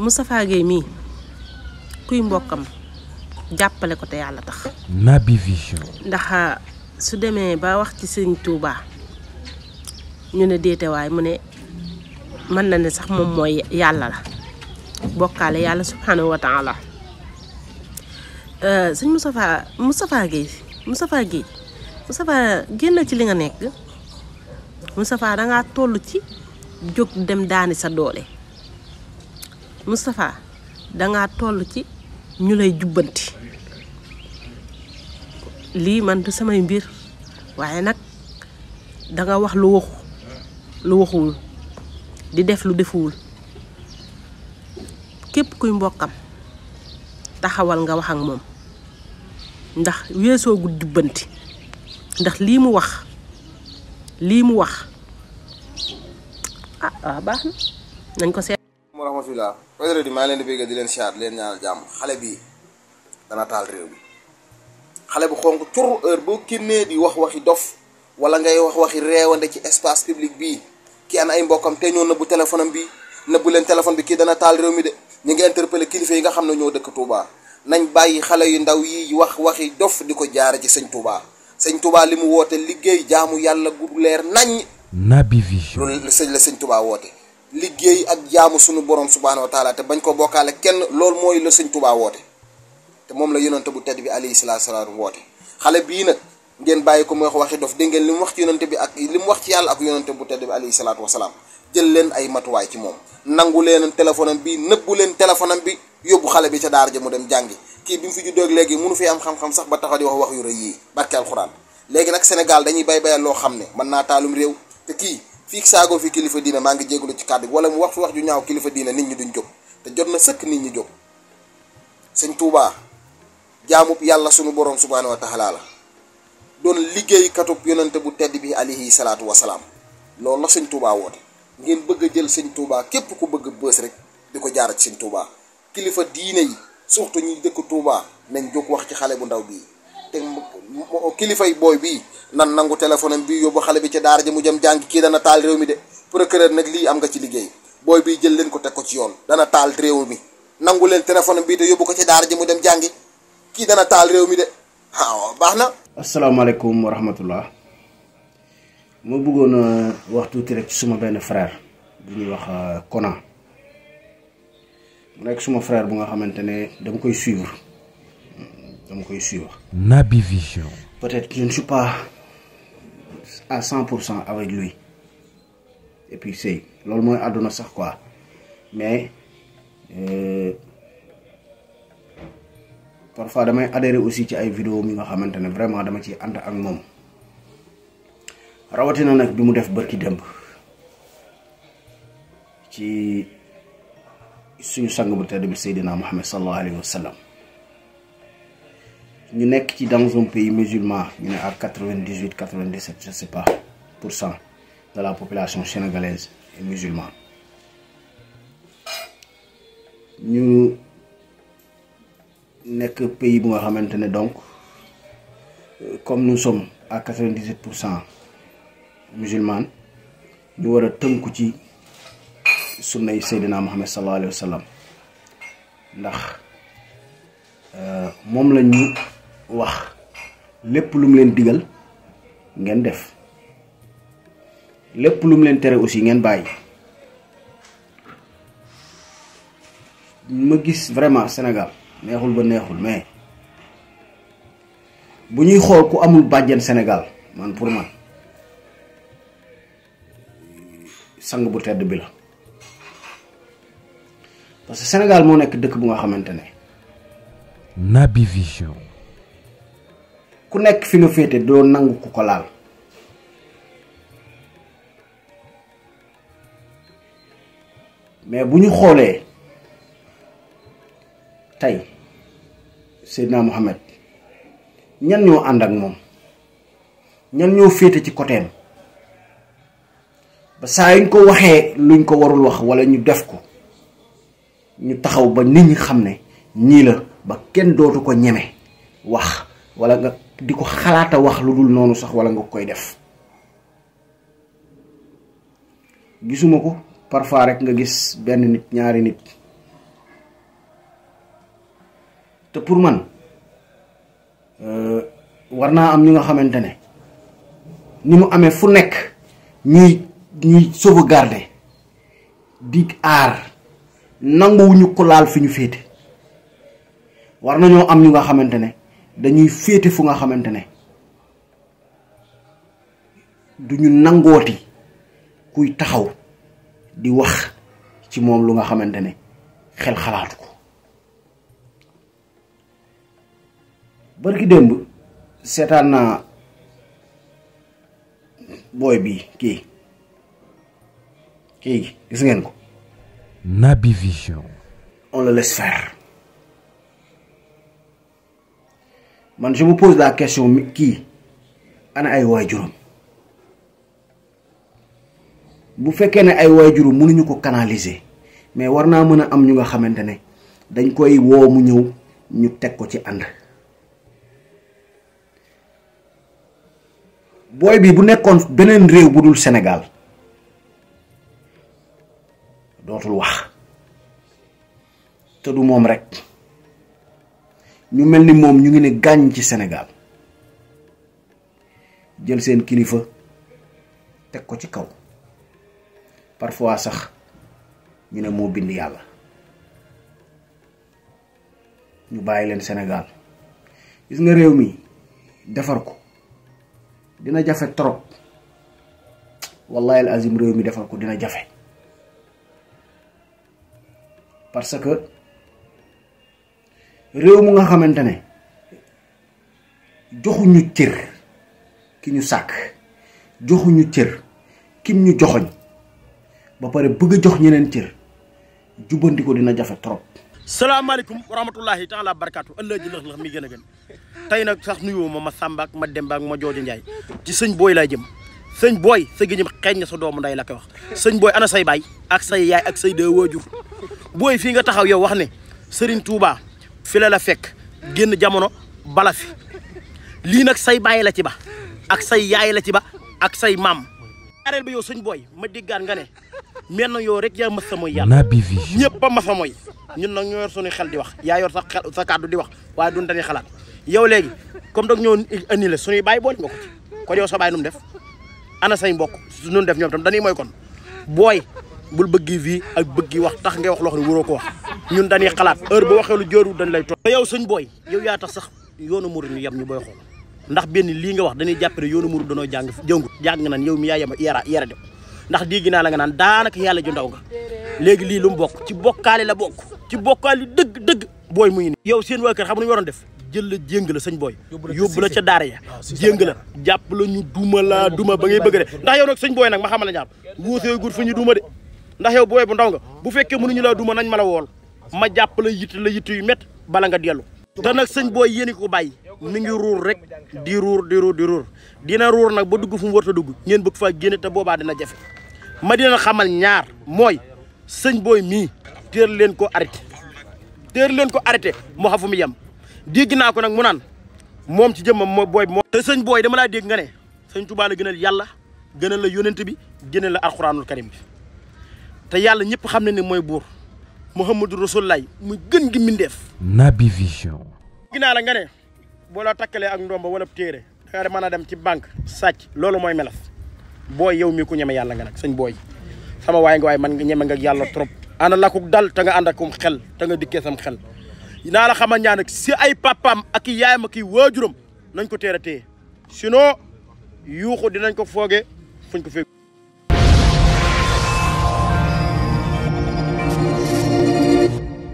Moustapha Gueye mii kuy mbokkam jàppale ko te yàlla tax. Naby Vision. ndax ah, su demee ba wax ci sëñ Touba ñu ne déetewaay mu ne mën na ne sax moom mooy yàlla la bokkaale yàlla subhanahu wa taala euh, sëñ Moustapha Moustapha Gueye Moustapha Gueye Moustapha génn ci li nga nekk Moustapha dangaa toll ci jóg dem daani sa doole. Mustafa, da nga tollu ci ñu lay jubanti lii man du samay mbir waye nak da nga wax lu wax lu waxul di def lu deful kep kuy mbokam taxawal nga wax ak mom ndax gu jubanti ndax lii mu wax lii mu wax ah ah baax nañ ko rahmatullah auditeurs yi maa leen di bëgg di leen siyaat leen ñaanal jàmm xale bii dana taal réew bi xale bu xonk cur heure boo kénnee di wax waxi dof wala ngay wax waxi réewande ci espace public bii ki an ay mbokkam te ñoo nëbbu téléphone am bi nëbbu leen téléphone bi kii dana taal réew mi de ñi ngi interpellé kilifa yi nga xam ne ñoo dëkk Touba nañ bàyyi xale yu ndaw yi wax waxi dof di ko jaare ci sëñ Touba sañ Touba li mu woote liggéey jaamu yàlla gu leer nañ Naby Vision la sëñ Touba woote liggéey ak jaamu sunu borom subhaanahu wa taala te bañ ko bokkaale kenn loolu mooy la sëñ Tuubaa woote te moom la yonante bu tedd bi alayhi salaatu salaam woote xale bii nag ngeen bàyyi ko mu wax waxi dof dégg ngeen li mu wax ci yonante ak li wax ci yàlla ak yonante bu tedd bi alayhi salaatu wasalaam jël leen ay matuwaay ci moom nangu leen téléphone am bi nëbbu leen téléphone bi yóbbu xale bi ca daara ja mu dem jàngi kii bi mu fi juddoo léegi mënu fi am xam-xam sax ba taxaw di wax wax yu rëy yii barke alxuraan léegi nag Sénégal dañuy bay bayal loo xam ne mën naa taalum réew te kii fii saagoo fi kilifa diina maa ngi jégalu ci kàddu wala mu wax fi wax ju ñaaw kilifa diina nit ñi duñ jóg te jot na sëkk nit ñi jóg sëñ Touba jaamub yàlla sunu borom subhaanahu wa taala la doon liggéeykatub yonante bu tedd bi alayhi salaatu wa salaam loolu la sëñ Touba woote ngeen bëgg a jël sëñ Touba képp ku bëgg bës rek di ko jaar ci sëñ kilifa diine yi surtout ñi dëkk Touba nañ jóg wax ci xale bu ndaw bii. te kilifay booy bii nan nangu téléphone am bii yóbbu xale bi ca daara ji mu jëm jàngi kii dana taal réew mi de procureur nag lii am nga ci liggéey booy bii jël leen ko teg ko ci yoon dana taal réew mi nangu leen téléphone bii te yóbbu ko ci daara ji mu dem jàngi kii dana taal réew mi de ah, waaw baax na. asalaamaaleykum wa rahmatullah moo bëggoon a wax tuuti rek ci suma benn frère bu ñuy wax Kona euh, mu nekk suma frère bu nga xamante ne dama koy suivre. Hein. Nabi suivre. Vision. peut-être je ne suis pas à 100% avec lui et puis c'est loolu mooy àdduna sax quoi mais euh, parfois damay adhérer aussi ci ay vidéo mi nga xamante vraiment dama ci ànd ak moom rawatina nag bi mu def bërki démb ci suñu sang de tedd bi Seydina Muhammad sallallahu alayhi wa sallam nous sommes dans un pays musulman, à 98-97, je sais pas, de la population sénégalaise est musulmane. Nous sommes un pays où nous donc, comme nous sommes à 98% musulmans, nous avons tout les monde sur le de Mohamed sallallahu alayhi wa sallam. nous wax lépp lum leen digal ngeen def lépp lu leen tere aussi ngeen bàyyi ma gis vraiment Sénégal neexul ba neexul mais bu ñuy xool ku amul bàjjen Sénégal man pour man sang bu tedd bi la parce que Sénégal moo nekk dëkk bu nga xamante ne Naby Vision ku nekk fi nga féete doo nangu ku ko laal mais bu ñu xoolee tey Seydina Mohamed ñan ñoo ànd ak moom ñan ñoo féete ci côtéem ba saa yuñ ko waxee luñ ko warul wax walla ñu def ko ñu taxaw ba nit ñi xam ne ñii la ba kenn dootu ko ñeme wax walla nga di ko xalaata wax lu dul noonu sax wala nga koy def gisumako parfa parfois rek nga gis ben nit ñaari nit te pour man euh, warna am ñi nga xamantene ni mu amé fu nek ñi ñi sauvegarder di aar nanguwuñu ko laal fiñu fété war am ñu nga xamantene dañuy féete fu nga xamante ne du ñu nangooti kuy taxaw di wax ci moom lu nga xamante ne xel xalaatu ko barki démb seetaan naa booy bi kii kii gis ngeen ko Naby Vision on le laisse man je mu pose la question kii ana ay waajuram bu fekkee ne ay waajuram mënuñu ko canaliser mais war naa mën a am ñu nga xamante ne dañ koy woo mu ñëw ñu teg ko ci ànd booy bi bu nekkoon beneen réew bu dul Sénégal dootul wax te du moom rek ñu mel ni moom ñu ngi ne gàññ ci senegaal jël seen kilifa teg ko ci kaw parfois sax ñu ne moo bind yàlla ñu bàyyi leen senegaal gis nga réew mi defar ko dina jafe trop wallahi al azim réew mi defar ko dina jafe parce que réew mu nga xamantene ne joxuñu cër ki ñu sàkk joxuñu cër kim ñu joxoñ ba paré bëgg jox ñeneen cër jubandiko dina jafé trop. alaykum wa rahmatullahi taala barakatuh ëllë ji lox lox mi gëna mama gën tay nak sax nuyu ma ma Samba ak ma Demba ak ma jodi ndjay ci señ boy la jëm señ boy sa géñëm na sa doomu nday la koy wax señ boy ana say bay ak say yaay ak say de wojur boy fi nga taxaw yow wax ne Serigne Touba. fi la la fekk génn jamono bala fi lii nag say bàyyi la ci ba ak say yaay la ci ba ak say maam. ñaareel bi yow suñ booy ma diggaan nga ne mel na yow rek yaa mës sa mooy yàlla. Naby Vision ñëpp a mës a mooy ñun na ñoo yor xel di wax yaa yor sa xel kàddu di wax waaye dun dañuy xalaat yow léegi comme dag ñoo indi la suñuy baay boole nga ko ci kon sa baay nu mu def ana sañ mbokk nu mu def ñoom tam dañuy mooy kon booy. bul bëggi vi ak bëggi wax tax ngay wax lo xam wuro ko wax ñun dañuy xalaat heure bu waxee lu jooru dañ lay toog yow señ boy yow ya tax sax yoonu murid ñu yam ñu boy xol ndax benn li nga wax dañuy jàppale yoonu murid dañu jang jëngut jang naan yow mi yaa yem yara yara def ndax di gina la nga naan daanaka yalla ju ndaw nga légui li lu mu ci bokkaale la bokk ci deug deug boy muy ni yow seen wa kër xam nañu waron def jël la jeng la señ boy yóbbu la daara ya ah, jeng la japp la ñu duma la duma ba ngay bëgg de ndax yow nak señ boy nak ma xam la ñaar fu ñu duma de ndax yow booy bu ndaw nga bu fekkee mun mënuñu laa duma nañ ma la wool ma jàpp la yitt la yitt yu métt bala nga dellu te nag sëñ booy yéeni ko bàyyi mi ngi ruur rek di ruur di ruur di ruur dina ruur nag ba dugg fu mu warta dugg ñeen bëgg faa génne te boobaa dina jafe ma dina xamal ñaar mooy sëñ booy mii téer leen ko arrêté téer leen ko arrêté moo xam fu mu yem dégg naa ko nag mu naan moom ci jëmmam moo booy moo te sëñ booy dama laa dégg nga ne sëñ Tuubaa la gënal yàlla gënal la yónent bi gënal la alxuraanul karim bi te yalla ñëpp xam ne ne mooy buur Mouhamadou Rasulullaay gën gi mindeef nabi Vision ginnaaw la nga ne boo la takkalee ak ndomba wala téré da nga mën a dem ci bank sacc loolu moy melaf boy yow mi ku ñeme yalla nga nak señ boy sama way nga way man nga ñeme nga yalla trop ana la ko dal ta nga ànd akum xel ta nga dikkee sam xel naa la xama ñaan ak si ay papam ak yaayam ak wajurum nañ ko téré a sino sinon dinañ ko fooge fuñ ko fekk